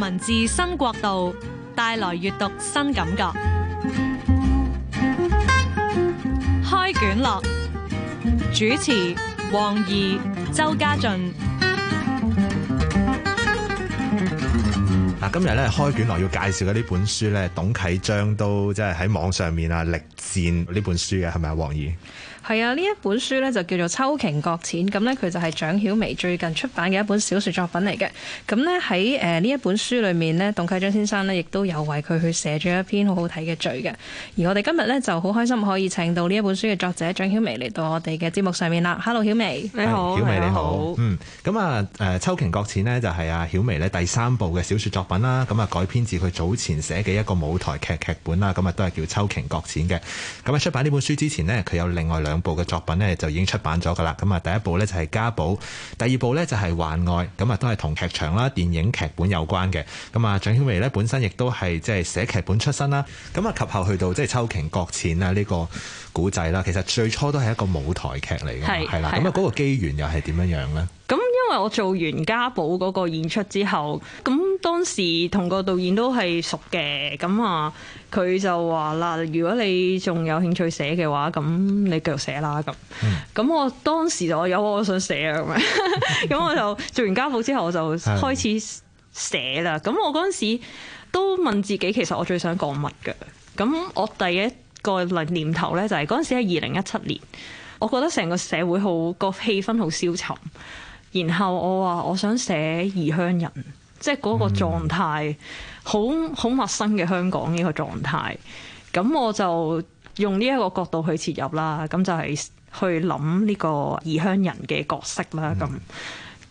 文字新國度帶來閱讀新感覺，開卷樂主持黃怡、周家俊。嗱，今日咧開卷樂要介紹嘅呢本書咧，董啟章都即係喺網上面啊力。《錢》呢本書嘅係咪啊？黃怡係啊，呢一 本書呢就叫做《秋鯨擱淺》，咁呢，佢就係蔣曉薇最近出版嘅一本小説作品嚟嘅。咁、嗯、呢，喺誒呢一本書裏面呢，董啟章先生呢亦都有為佢去寫咗一篇好好睇嘅序嘅。而我哋今日呢就好開心可以請到呢一本書嘅作者蔣曉薇嚟到我哋嘅節目上面啦。Hello，曉薇，你好。曉薇你好。嗯，咁啊誒，嗯《秋鯨擱淺》呢就係啊，曉薇呢第三部嘅小説作品啦。咁啊改編自佢早前寫嘅一個舞台劇劇本啦。咁啊都係叫《秋鯨擱淺》嘅。咁喺出版呢本書之前呢，佢有另外兩部嘅作品呢就已經出版咗噶啦。咁啊，第一部呢就係家寶，第二部呢就係幻愛，咁啊都係同劇場啦、電影劇本有關嘅。咁啊，蔣曉薇呢本身亦都係即係寫劇本出身啦。咁啊，及後去到即係秋鯨擱淺啊呢個古仔啦，其實最初都係一個舞台劇嚟嘅，係啦。咁啊，嗰個機緣又係點樣樣呢？因為我做完家寶嗰個演出之後，咁當時同個導演都係熟嘅，咁啊佢就話啦，嗱，如果你仲有興趣寫嘅話，咁你繼續寫啦。咁咁、嗯、我當時就我有我想寫啊。咁， 我就做完家寶之後，我就開始寫啦。咁的我嗰陣時都問自己，其實我最想講乜嘅？咁我第一個諗念頭呢、就是，就係嗰陣時喺二零一七年，我覺得成個社會好，個氣氛好消沉。然後我話我想寫異鄉人，即係嗰個狀態好好陌生嘅香港呢個狀態。咁、嗯、我就用呢一個角度去切入啦。咁就係去諗呢個異鄉人嘅角色啦。咁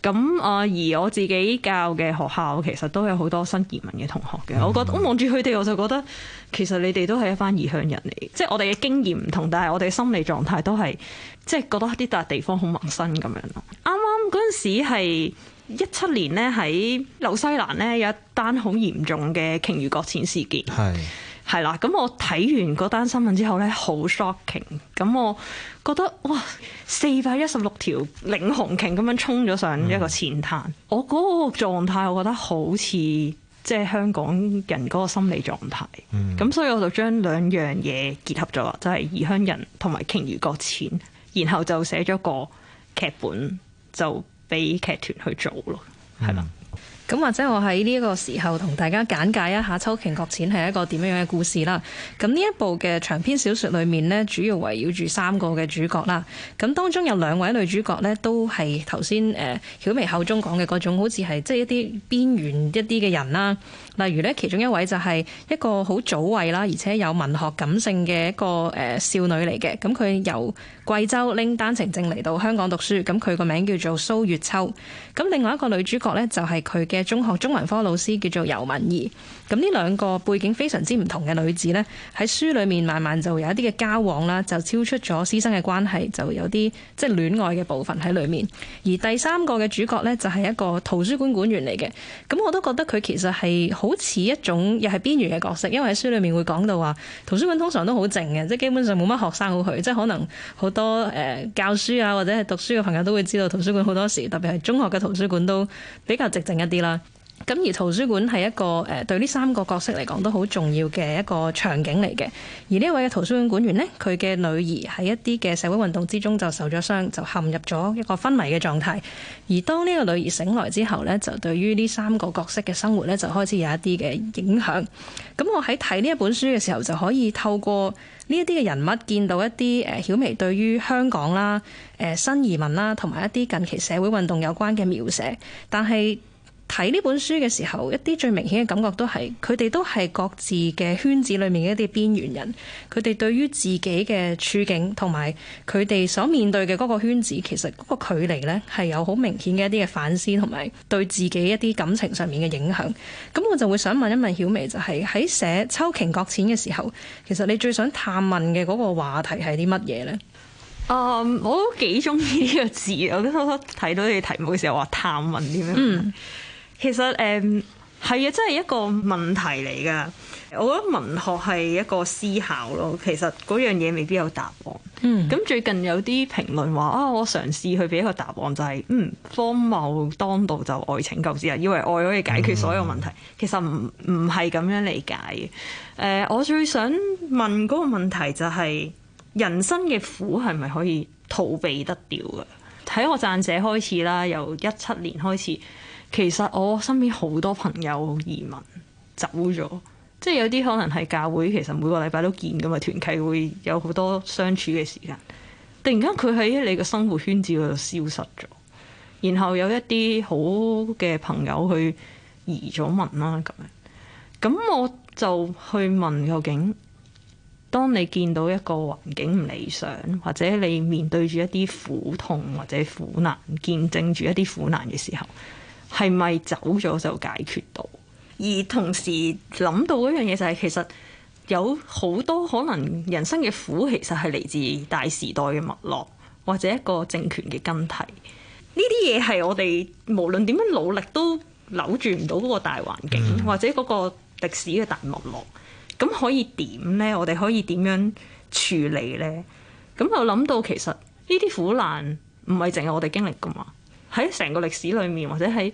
咁啊，而我自己教嘅學校其實都有好多新移民嘅同學嘅。我覺得我望住佢哋，嗯、我就覺得其實你哋都係一班異鄉人嚟，即係我哋嘅經驗唔同，但係我哋嘅心理狀態都係即係覺得啲笪地方好陌生咁樣咯。啱、嗯。嗰陣時係一七年咧，喺紐西蘭咧有一單好嚴重嘅鯨魚擱淺事件係係啦。咁是我睇完嗰單新聞之後咧，好 shocking。咁我覺得哇，四百一十六條領航鯨咁樣衝咗上一個淺灘，嗯、我嗰個狀態，我覺得好似即係香港人嗰個心理狀態。咁、嗯、所以我就將兩樣嘢結合咗啦，就係、是、異鄉人同埋鯨魚擱淺，然後就寫咗個劇本。就俾劇團去做咯，係嘛、嗯？咁或者我喺呢一個時候同大家簡介一下《秋鯨擱淺》係一個點樣樣嘅故事啦。咁呢一部嘅長篇小說裏面呢，主要圍繞住三個嘅主角啦。咁當中有兩位女主角呢，都係頭先誒曉薇口中講嘅嗰種好似係即係一啲邊緣一啲嘅人啦。例如呢，其中一位就係一個好早慧啦，而且有文學感性嘅一個誒、呃、少女嚟嘅。咁佢由貴州拎單程證嚟到香港讀書。咁佢個名叫做蘇月秋。咁另外一個女主角呢，就係佢嘅嘅中學中文科老師叫做游敏兒，咁呢兩個背景非常之唔同嘅女子咧，喺書裏面慢慢就有一啲嘅交往啦，就超出咗師生嘅關係，就有啲即係戀愛嘅部分喺裏面。而第三個嘅主角咧，就係一個圖書館館員嚟嘅，咁我都覺得佢其實係好似一種又係邊緣嘅角色，因為喺書裏面會講到話，圖書館通常都好靜嘅，即係基本上冇乜學生好去，即係可能好多誒、呃、教書啊或者係讀書嘅朋友都會知道，圖書館好多時特別係中學嘅圖書館都比較寂靜一啲啦。咁而圖書館係一個誒對呢三個角色嚟講都好重要嘅一個場景嚟嘅。而呢位嘅圖書館館員呢，佢嘅女兒喺一啲嘅社會運動之中就受咗傷，就陷入咗一個昏迷嘅狀態。而當呢個女兒醒來之後呢，就對於呢三個角色嘅生活呢，就開始有一啲嘅影響。咁我喺睇呢一本書嘅時候，就可以透過呢一啲嘅人物，見到一啲誒曉薇對於香港啦、誒、呃、新移民啦，同埋一啲近期社會運動有關嘅描寫。但係。睇呢本書嘅時候，一啲最明顯嘅感覺都係佢哋都係各自嘅圈子裏面嘅一啲邊緣人，佢哋對於自己嘅處境同埋佢哋所面對嘅嗰個圈子，其實嗰個距離呢係有好明顯嘅一啲嘅反思同埋對自己一啲感情上面嘅影響。咁我就會想問一問曉薇、就是，就係喺寫《秋鯨擱淺》嘅時候，其實你最想探問嘅嗰個話題係啲乜嘢呢？Um, 我都幾鍾意呢個字，我都偷睇到你題目嘅時候話探問點樣。 嗯。其實誒係啊，真係一個問題嚟噶。我覺得文學係一個思考咯。其實嗰樣嘢未必有答案。嗯。咁最近有啲評論話啊，我嘗試去俾一個答案、就係，就係嗯，荒謬當道就愛情救世啊，以為愛可以解決所有問題。嗯、其實唔唔係咁樣理解嘅。誒、嗯，我最想問嗰個問題就係、係、人生嘅苦係咪可以逃避得掉噶？喺我撰寫開始啦，由一七年開始。其實我身邊好多朋友移民走咗，即係有啲可能係教會。其實每個禮拜都見㗎嘛，團契會有好多相處嘅時間。突然間佢喺你嘅生活圈子嗰度消失咗，然後有一啲好嘅朋友去移咗民啦，咁樣咁我就去問，究竟當你見到一個環境唔理想，或者你面對住一啲苦痛或者苦難，見證住一啲苦難嘅時候。係咪走咗就解決到？而同時諗到一樣嘢就係、是、其實有好多可能人生嘅苦其實係嚟自大時代嘅脈絡或者一個政權嘅更替。呢啲嘢係我哋無論點樣努力都扭轉唔到嗰個大環境或者嗰個歷史嘅大脈絡。咁可以點呢？我哋可以點樣處理呢？咁又諗到其實呢啲苦難唔係淨係我哋經歷噶嘛？喺成個歷史裏面，或者喺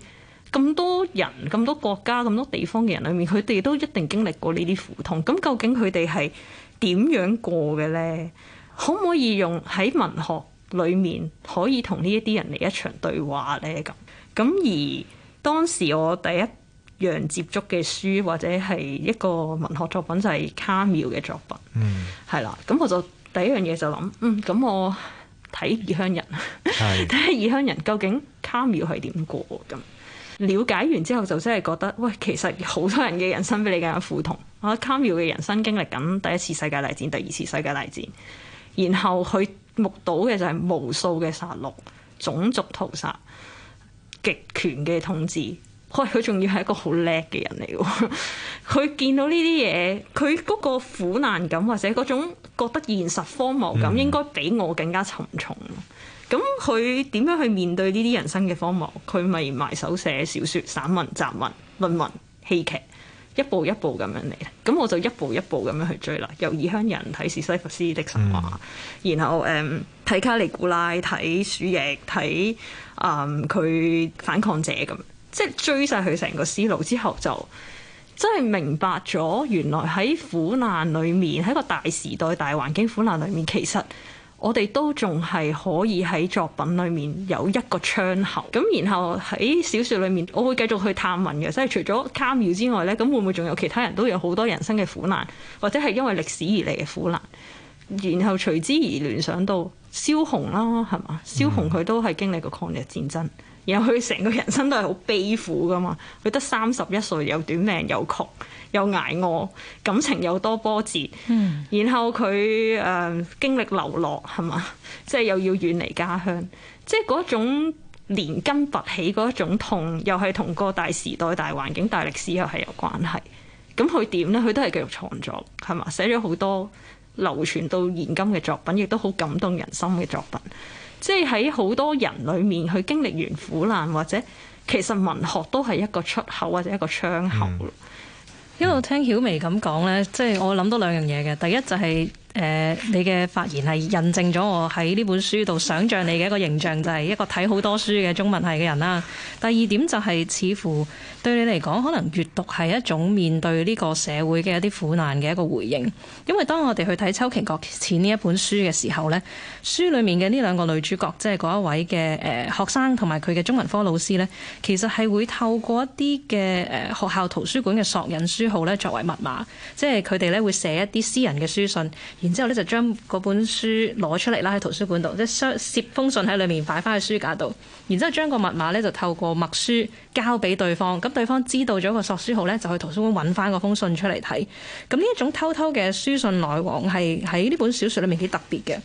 咁多人、咁多國家、咁多地方嘅人裏面，佢哋都一定經歷過呢啲苦痛。咁究竟佢哋係點樣過嘅呢？可唔可以用喺文學裏面可以同呢一啲人嚟一場對話呢？咁咁而當時我第一樣接觸嘅書或者係一個文學作品就係卡繆嘅作品。嗯，係啦。咁我就第一樣嘢就諗，嗯，咁我。睇異鄉人，睇下 異鄉人究竟卡繆係點過咁？了解完之後就真係覺得，喂，其實好多人嘅人生比你更加苦痛。啊，卡繆嘅人生經歷緊第一次世界大戰、第二次世界大戰，然後佢目睹嘅就係無數嘅殺戮、種族屠殺、極權嘅統治。佢仲要係一個好叻嘅人嚟嘅，佢 見到呢啲嘢，佢嗰個苦難感或者嗰種覺得現實荒謬感，應該比我更加沉重咯。咁佢點樣去面對呢啲人生嘅荒謬？佢咪埋手寫小説、散文、雜文、論文、戲劇，一步一步咁樣嚟。咁我就一步一步咁樣去追啦。由異鄉人睇《史西弗斯的神話》，嗯、然後誒睇 um,《卡利古拉》，睇《鼠疫》、嗯，睇佢反抗者咁。即係追晒佢成個思路之後，就真係明白咗，原來喺苦難裏面，喺個大時代、大環境苦難裏面，其實我哋都仲係可以喺作品裏面有一個窗口。咁然後喺小說裏面，我會繼續去探問嘅，即係除咗卡妙之外咧，咁會唔會仲有其他人都有好多人生嘅苦難，或者係因為歷史而嚟嘅苦難，然後隨之而聯想到蕭紅啦，係嘛？蕭紅佢都係經歷過抗日戰爭。然後佢成個人生都係好悲苦㗎嘛，佢得三十一歲，又短命又窮又捱餓，感情又多波折。然後佢誒、呃、經歷流落係嘛，即係又要遠離家鄉，即係嗰種連根拔起嗰一種痛，又係同個大時代、大環境、大歷史又係有關係。咁佢點呢？佢都係繼續創作係嘛，寫咗好多流傳到現今嘅作品，亦都好感動人心嘅作品。即係喺好多人裏面，佢經歷完苦難，或者其實文學都係一個出口或者一個窗口。一路、嗯、聽曉薇咁講呢，嗯、即係我諗到兩樣嘢嘅，第一就係、是。誒、呃，你嘅發言係印證咗我喺呢本書度想象你嘅一個形象，就係一個睇好多書嘅中文系嘅人啦。第二點就係，似乎對你嚟講，可能閱讀係一種面對呢個社會嘅一啲苦難嘅一個回應。因為當我哋去睇《秋期國錢》呢一本書嘅時候呢，書裡面嘅呢兩個女主角，即係嗰一位嘅誒、呃、學生同埋佢嘅中文科老師呢，其實係會透過一啲嘅誒學校圖書館嘅索引書號咧作為密碼，即係佢哋咧會寫一啲私人嘅書信。然之後咧就將嗰本書攞出嚟啦，喺圖書館度即係塞封信喺裏面擺翻喺書架度，然之後將個密碼咧就透過墨書交俾對方，咁對方知道咗個索書號咧就去圖書館揾翻嗰封信出嚟睇，咁呢一種偷偷嘅書信來往係喺呢本小説裡面幾特別嘅。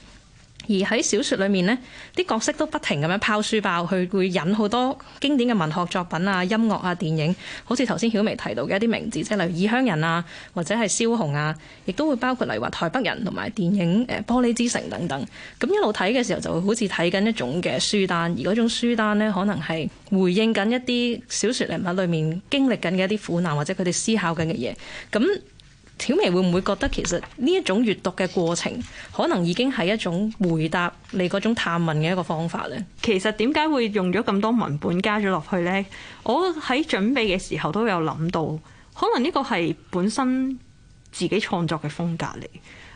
而喺小説裏面呢啲角色都不停咁樣拋書包去，會引好多經典嘅文學作品啊、音樂啊、電影，好似頭先曉薇提到嘅一啲名字，即係例如《異鄉人》啊，或者係《蕭紅》啊，亦都會包括嚟話《台北人》同埋電影《誒玻璃之城》等等。咁一路睇嘅時候，就好似睇緊一種嘅書單，而嗰種書單咧，可能係回應緊一啲小説人物裏面經歷緊嘅一啲苦難，或者佢哋思考緊嘅嘢。咁小薇會唔會覺得其實呢一種閱讀嘅過程，可能已經係一種回答你嗰種探問嘅一個方法呢？其實點解會用咗咁多文本加咗落去呢？我喺準備嘅時候都有諗到，可能呢個係本身自己創作嘅風格嚟，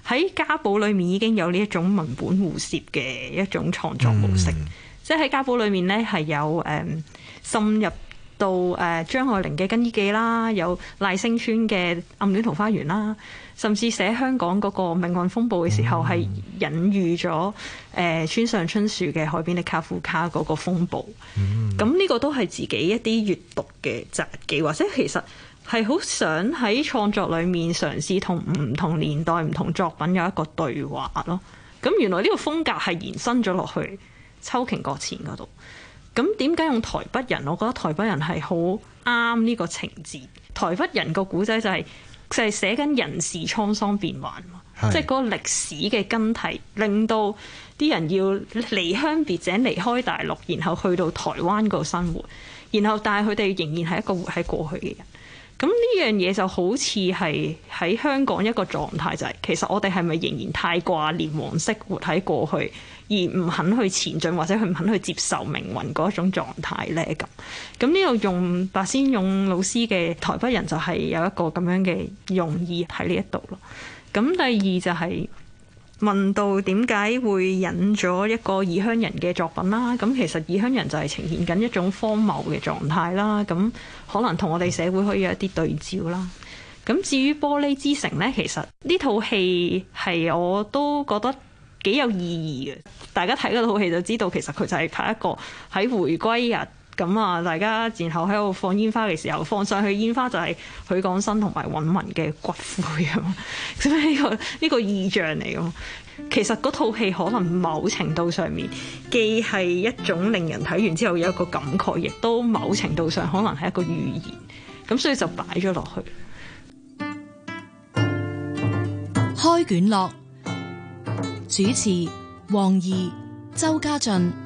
喺家寶裏面已經有呢一種文本互涉嘅一種創作模式，嗯、即係喺家寶裏面呢係有誒、嗯、深入。到誒張愛玲嘅《更衣記》啦，有賴聲川嘅《暗戀桃花源》啦，甚至寫香港嗰個命運風暴嘅時候，係、嗯、隱喻咗誒、呃、村上春樹嘅《海邊的卡夫卡》嗰個風暴。咁呢、嗯、個都係自己一啲閲讀嘅札記，或者其實係好想喺創作裏面嘗試同唔同年代、唔同作品有一個對話咯。咁原來呢個風格係延伸咗落去秋鯨擱淺嗰度。咁點解用台北人？我覺得台北人係好啱呢個情節。台北人個古仔就係、是、就係、是、寫緊人事滄桑變幻，是即係嗰個歷史嘅更替，令到啲人要離鄉別井，離開大陸，然後去到台灣個生活，然後但係佢哋仍然係一個活喺過去嘅人。咁呢樣嘢就好似係喺香港一個狀態就係、是，其實我哋係咪仍然太掛念黃色，活喺過去，而唔肯去前進或者去唔肯去接受命運嗰一種狀態呢？咁，咁呢個用白先勇老師嘅台北人就係有一個咁樣嘅用意喺呢一度咯。咁第二就係、是。問到點解會引咗一個異鄉人嘅作品啦？咁其實異鄉人就係呈現緊一種荒謬嘅狀態啦。咁可能同我哋社會可以有一啲對照啦。咁至於《玻璃之城》呢，其實呢套戲係我都覺得幾有意義嘅。大家睇嗰套戲就知道，其實佢就係拍一個喺回歸日。咁啊，大家然後喺度放煙花嘅時候，放上去煙花就係許廣生同埋尹文嘅骨灰啊！咁呢個呢個意象嚟噶，其實嗰套戲可能某程度上面，既係一種令人睇完之後有一個感慨，亦都某程度上可能係一個寓言，咁所以就擺咗落去。開卷樂，主持黃怡、周家俊。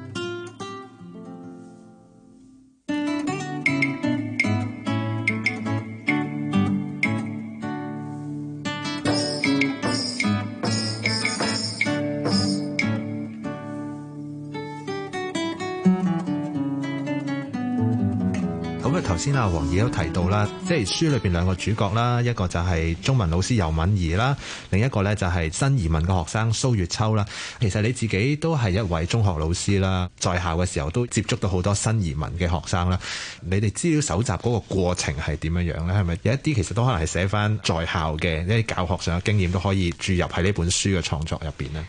先阿、啊、黃儀都提到啦，即係書裏邊兩個主角啦，一個就係中文老師游敏兒啦，另一個呢就係新移民嘅學生蘇月秋啦。其實你自己都係一位中學老師啦，在校嘅時候都接觸到好多新移民嘅學生啦。你哋資料搜集嗰個過程係點樣樣呢？係咪有一啲其實都可能係寫翻在校嘅一啲教學上嘅經驗都可以注入喺呢本書嘅創作入邊呢。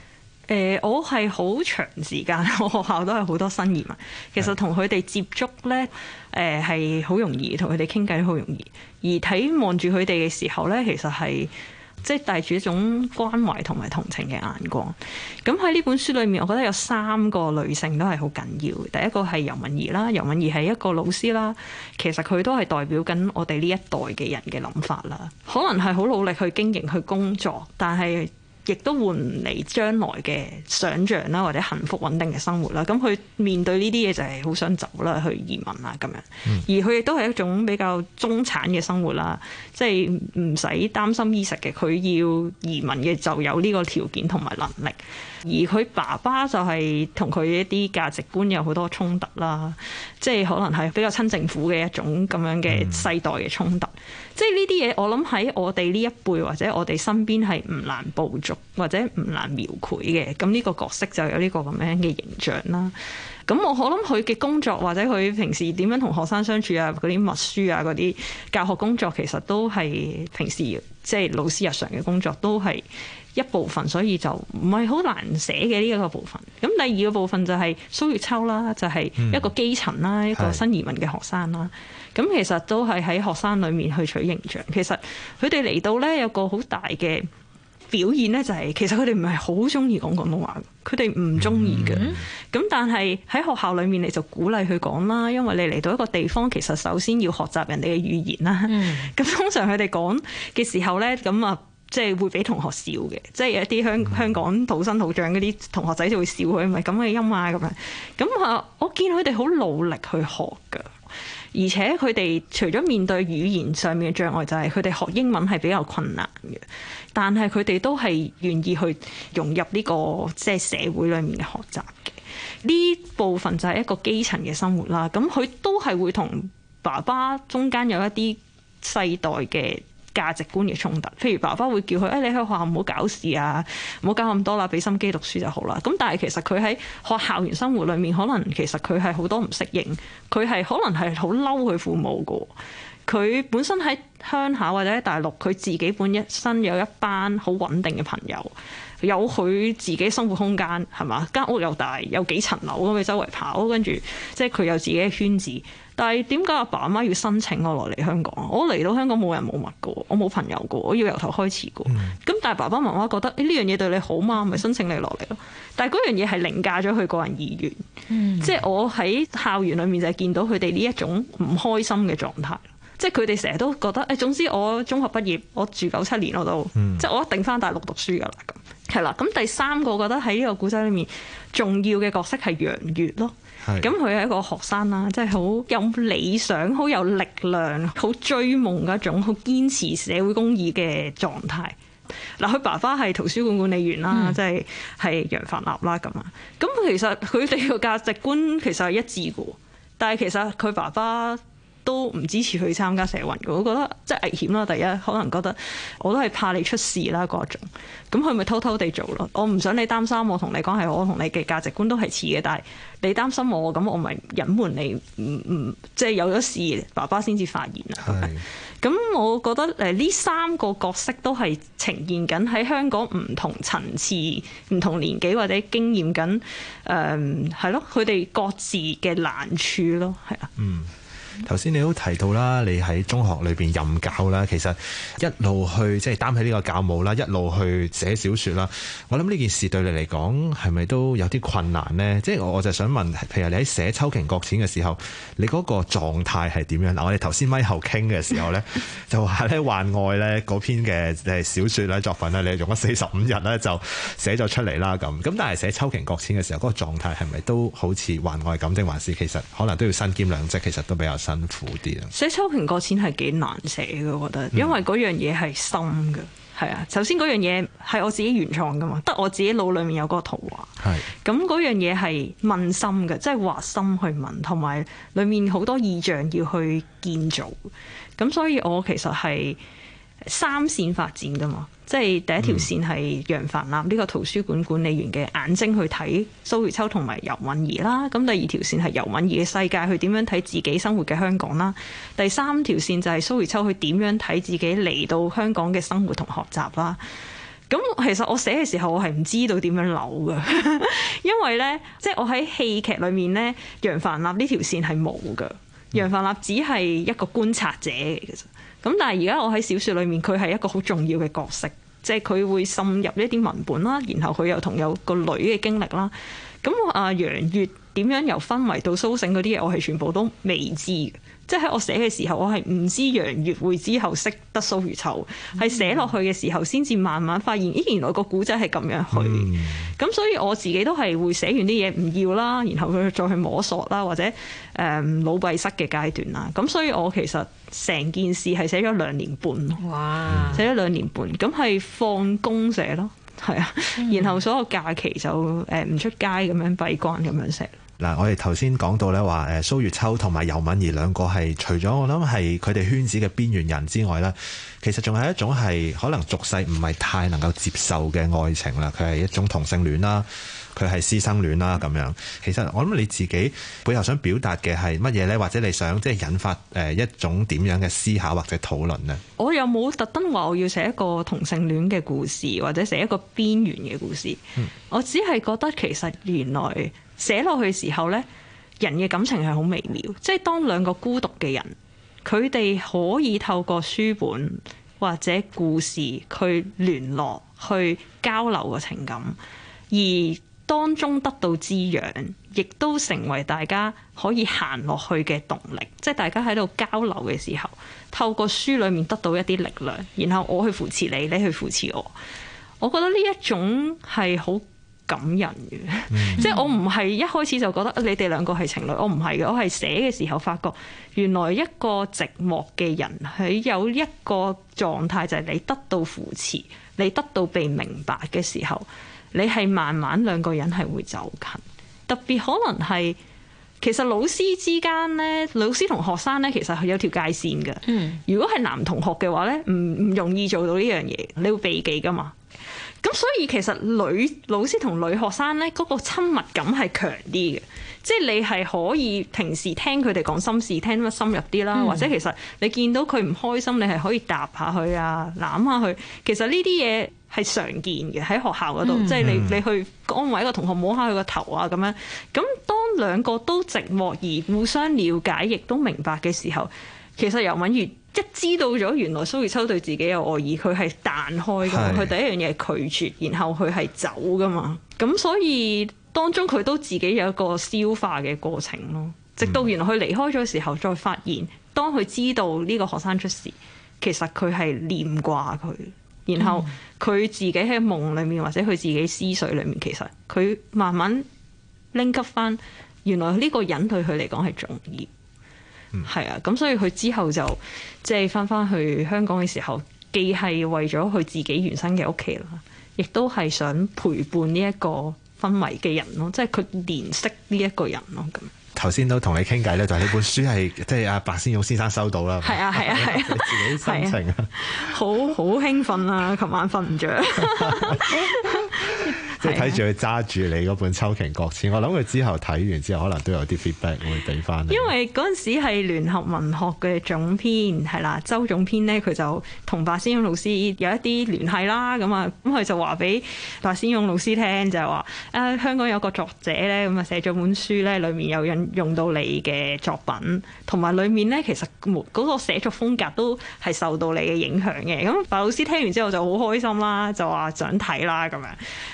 誒，我係好長時間，我學校都係好多新移民。其實同佢哋接觸咧，誒係好容易，同佢哋傾偈好容易。而睇望住佢哋嘅時候咧，其實係即係帶住一種關懷同埋同情嘅眼光。咁喺呢本書裏面，我覺得有三個女性都係好緊要。第一個係游敏兒啦，游敏兒係一個老師啦。其實佢都係代表緊我哋呢一代嘅人嘅諗法啦。可能係好努力去經營去工作，但係，亦都換唔嚟將來嘅想像啦，或者幸福穩定嘅生活啦。咁佢面對呢啲嘢就係好想走啦，去移民啦咁樣。嗯。而佢亦都係一種比較中產嘅生活啦，即係唔使擔心衣食嘅。佢要移民嘅就有呢個條件同埋能力。而佢爸爸就係同佢一啲價值觀有好多衝突啦，即係可能係比較親政府嘅一種咁樣嘅世代嘅衝突，嗯、即係呢啲嘢我諗喺我哋呢一輩或者我哋身邊係唔難捕捉或者唔難描繪嘅，咁呢個角色就有呢個咁樣嘅形象啦。咁我可諗佢嘅工作或者佢平時點樣同學生相處啊，嗰啲默書啊，嗰啲教學工作其實都係平時即係、即係、老師日常嘅工作都係一部分，所以就唔係好難寫嘅呢一個部分。咁第二個部分就係蘇月秋啦，就係、是、一個基層啦，嗯、一個新移民嘅學生啦。咁是其實都係喺學生裏面去取形象。其實佢哋嚟到咧有個好大嘅表現咧、就是，就係其實佢哋唔係好中意講廣東話，佢哋唔中意嘅。咁、嗯、但係喺學校裏面你就鼓勵佢講啦，因為你嚟到一個地方，其實首先要學習人哋嘅語言啦。咁、嗯、通常佢哋講嘅時候咧，咁啊～即係會俾同學笑嘅，即係一啲香香港土生土長嗰啲同學仔就會笑佢，咪咁嘅音啊咁樣。咁啊，我見佢哋好努力去學嘅，而且佢哋除咗面對語言上面嘅障礙，就係佢哋學英文係比較困難嘅。但係佢哋都係願意去融入呢個即係社會裡面嘅學習嘅。呢部分就係一個基層嘅生活啦。咁佢都係會同爸爸中間有一啲世代嘅價值觀嘅衝突，譬如爸爸會叫佢，誒、哎，你喺學校唔好搞事啊，唔好搞咁多啦，俾心機讀書就好啦。咁但係其實佢喺學校園生活裏面，可能其實佢係好多唔適應，佢係可能係好嬲佢父母嘅。佢本身喺鄉下或者喺大陸，佢自己本身有一班好穩定嘅朋友，有佢自己生活空間，係嘛？間屋又大，有幾層樓咁，佢周圍跑，跟住即係佢有自己嘅圈子。但係點解阿爸阿媽，媽要申請我落嚟香港？我嚟到香港冇人冇物嘅，我冇朋友嘅，我要由頭開始嘅。咁、嗯、但係爸爸媽媽覺得呢、欸、樣嘢對你好嘛？咪申請你落嚟咯。但係嗰樣嘢係凌駕咗佢個人意願。嗯、即係我喺校園裏面就係見到佢哋呢一種唔開心嘅狀態。即係佢哋成日都覺得誒、哎，總之我中學畢業，我住九七年我都，嗯、即係我一定返大陸讀書㗎啦。咁係啦。咁第三個我覺得喺呢個故仔裏面重要嘅角色係楊月咯。咁佢係一個學生啦，即係好有理想、好有力量、好追夢嘅一種，好堅持社會公義嘅狀態。嗱，佢爸爸係圖書館管理員啦，嗯、即係係楊帆立啦咁啊。咁其實佢哋個價值觀其實係一致嘅，但係其實佢爸爸，都唔支持佢參加社運，我覺得即係危險啦。第一，可能覺得我都係怕你出事啦，各種咁佢咪偷偷地做咯。我唔想你擔心我你，我同你講係我同你嘅價值觀都係似嘅，但係你擔心我咁，我咪隱瞞你，唔、嗯、唔、嗯、即係有咗事，爸爸先至發現啦。咁係，我覺得誒呢三個角色都係呈現緊喺香港唔同層次、唔同年紀或者經驗緊誒，係、嗯、咯，佢哋各自嘅難處咯，係啊，嗯。頭先你都提到啦，你喺中學裏邊任教啦，其實一路去即係擔起呢個教務啦，一路去寫小説啦。我諗呢件事對你嚟講係咪都有啲困難呢？即係我就想問，譬如你喺寫《秋鯨擱淺》嘅時候，你嗰個狀態係點樣？嗱，我哋頭先咪後傾嘅時候 呢，就話呢《幻愛》呢嗰篇嘅小説咧作品呢，你用咗四十五日咧就寫咗出嚟啦。咁咁但係寫《秋鯨擱淺》嘅時候，嗰、嗰個狀態係咪都好似《幻愛》咁定，還是其實可能都要身兼兩職，其實都比較～辛苦啲啊！寫秋鯨個陣係幾難寫嘅，我覺得，因為嗰樣嘢係深嘅。係啊、嗯，首先嗰樣嘢係我自己原創㗎嘛，得我自己腦裏面有個圖畫，係，咁嗰樣嘢係問心嘅，即係畫心去問，同埋裡面好多意象要去建造，咁所以我其實係。三線發展噶嘛，即係第一條線係楊帆立呢個圖書館管理員嘅眼睛去睇蘇月秋同埋游敏兒啦，咁第二條線係游敏兒嘅世界去點樣睇自己生活嘅香港啦，第三條線就係蘇月秋去點樣睇自己嚟到香港嘅生活同學習啦。咁其實我寫嘅時候我係唔知道點樣扭嘅， 因為呢，即係我喺戲劇裏面呢，楊帆立呢條線係冇嘅，楊帆立只係一個觀察者嚟嘅。咁但係而家我喺小説裏面，佢係一個好重要嘅角色，即係佢會滲入一啲文本啦，然後佢又同有個女嘅經歷啦。咁我阿、啊、楊月點樣由昏迷到甦醒嗰啲嘢，我係全部都未知。即係我寫嘅時候，我係唔知游敏兒會之後識得蘇月秋，係寫落去嘅時候先至慢慢發現，咦，原來個古仔係咁樣去。咁、嗯、所以我自己都係會寫完啲嘢唔要啦，然後去再去摸索啦，或者誒腦閉塞嘅階段啦。咁所以我其實成件事係寫咗兩年半，哇，寫咗兩年半，咁係放工寫咯，係啊，嗯、 然後所有假期就誒唔出街咁樣閉關咁樣寫。嗱，我哋頭先講到咧話，誒蘇月秋同埋游敏兒兩個係除咗我諗係佢哋圈子嘅邊緣人之外啦，其實仲係一種係可能俗世唔係太能夠接受嘅愛情啦。佢係一種同性戀啦，佢係師生戀啦咁樣。其實我諗你自己背後想表達嘅係乜嘢呢？或者你想即係引發誒一種點樣嘅思考或者討論呢？我有冇特登話我要寫一個同性戀嘅故事，或者寫一個邊緣嘅故事？嗯、我只係覺得其實原來，寫落去時候呢，人嘅感情係好微妙。即係當兩個孤獨嘅人，佢哋可以透過書本或者故事去聯絡、去交流個情感，而當中得到滋養，亦都成為大家可以行落去嘅動力。即係大家喺度交流嘅時候，透過書裏面得到一啲力量，然後我去扶持你，你去扶持我。我覺得呢一種係好感人嘅，嗯、即係我唔係一開始就覺得你哋兩個係情侶，我唔係嘅，我係寫嘅時候發覺，原來一個寂寞嘅人佢有一個狀態，就係你得到扶持，你得到被明白嘅時候，你係慢慢兩個人係會走近。特別可能係，其實老師之間咧，老師同學生咧，其實係有條界線嘅。嗯、如果係男同學嘅話咧，唔唔容易做到呢樣嘢，你會避忌噶嘛？咁所以其實女老師同女學生咧嗰、嗰個親密感係強啲嘅，即係你係可以平時聽佢哋講心事，聽得深入啲啦，嗯、或者其實你見到佢唔開心，你係可以搭下佢啊，攬下佢。其實呢啲嘢係常見嘅喺學校嗰度，即係、嗯、你你去安慰一個同學，摸下佢個頭啊咁樣。咁當兩個都寂寞而互相了解，亦都明白嘅時候，其實游敏兒。一知道咗原來蘇月秋對自己有愛意，佢係彈開嘅。佢是第一樣嘢拒絕，然後佢係走嘅嘛。咁所以當中佢都自己有一個消化嘅過程咯。直到原來佢離開咗時候，再發現、嗯、當佢知道呢個學生出事，其實佢係念掛佢。然後佢自己喺夢裡面或者佢自己思緒裡面，其實佢慢慢拎返翻原來呢個人對佢嚟講係重要。係啊，咁所以佢之後就即係返返去香港嘅時候，既係為咗佢自己原生嘅屋企啦，亦都係想陪伴呢一個氛圍嘅人咯，即係佢認識呢一個人咯。咁頭先都同你傾偈咧，就係、是、呢本書係即係阿白先勇先生收到啦。係啊係啊係啊，心情、啊、好好興奮啊！琴晚瞓唔着。 即係睇住佢揸住你嗰本《秋鯨擱淺》，我諗佢之後睇完之後，可能都有啲 feedback 會俾返你。因為嗰陣時係聯合文學嘅總編，係啦，周總編呢，佢就同白先勇老師有一啲聯繫啦，咁啊，咁佢就話俾白先勇老師聽，就係話：誒、呃、香港有個作者咧，咁啊寫咗本書咧，裡面有引用到你嘅作品，同埋裡面咧其實冇嗰個寫作風格都係受到你嘅影響嘅。咁白老師聽完之後就好開心啦，就話想睇啦，咁樣，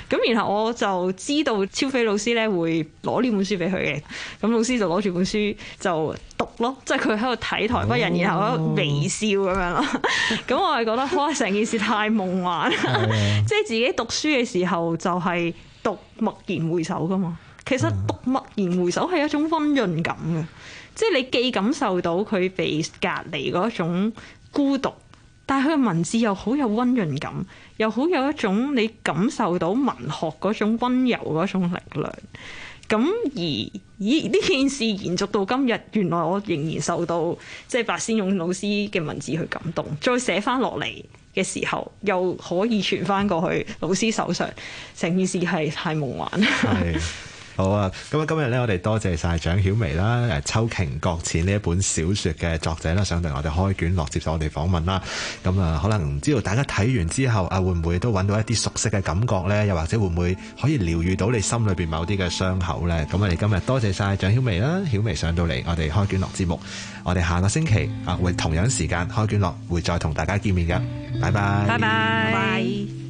咁我就知道超飛老師咧會攞呢本書俾佢嘅，咁老師就攞住本書就讀咯，即係佢喺度睇《台北人》，oh. 然後喺度微笑咁樣啦。咁 我係覺得哇，成 件事太夢幻， 即係自己讀書嘅時候就係讀驀然回首噶嘛。其實讀驀然回首係一種溫潤感嘅，即係你既感受到佢被隔離嗰種孤獨。但係佢嘅文字又好有溫潤感，又好有一種你感受到文學嗰種溫柔嗰種力量。咁而以呢件事延續到今日，原來我仍然受到即係白先勇老師嘅文字去感動，再寫翻落嚟嘅時候，又可以傳翻過去老師手上。成件事係太夢幻。好啊，咁啊今日咧，我哋多謝晒蔣曉薇啦，《誒秋鵲國錢》呢一本小説嘅作者啦，上到嚟我哋開卷落接受我哋訪問啦。咁、嗯、啊，可能唔知道大家睇完之後啊，會唔會都揾到一啲熟悉嘅感覺呢？又或者會唔會可以療愈到你心裏邊某啲嘅傷口呢？咁、嗯、我哋今日多謝晒蔣曉薇啦，曉薇上到嚟我哋開卷落節目，我哋下個星期啊會同樣時間開卷落會再同大家見面嘅，拜拜。拜拜。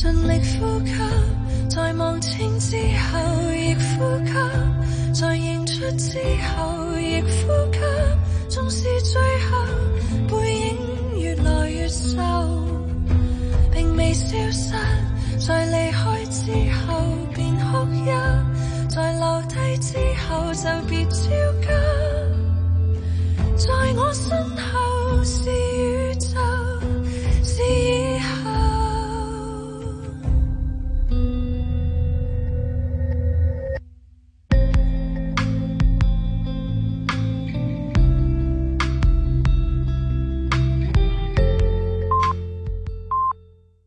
盡力呼吸，在望清之後亦呼吸，在認出之後亦呼吸，縱是最後背影越來越瘦，並未消失。在離開之後便哭泣，在留低之後就別焦急，在我身後是。